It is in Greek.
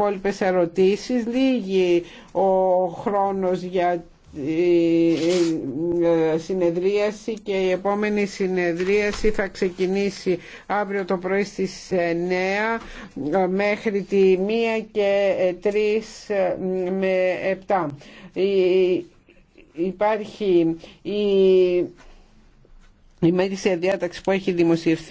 υπόλοιπες ερωτήσεις. Λίγη ο χρόνος για ε, συνεδρίαση και η επόμενη συνεδρίαση θα ξεκινήσει αύριο το πρωί στις 9 ε, μέχρι τη 1 και 3 ε, με 7. Υπάρχει η, η μέρη διάταξη που έχει δημοσιευθεί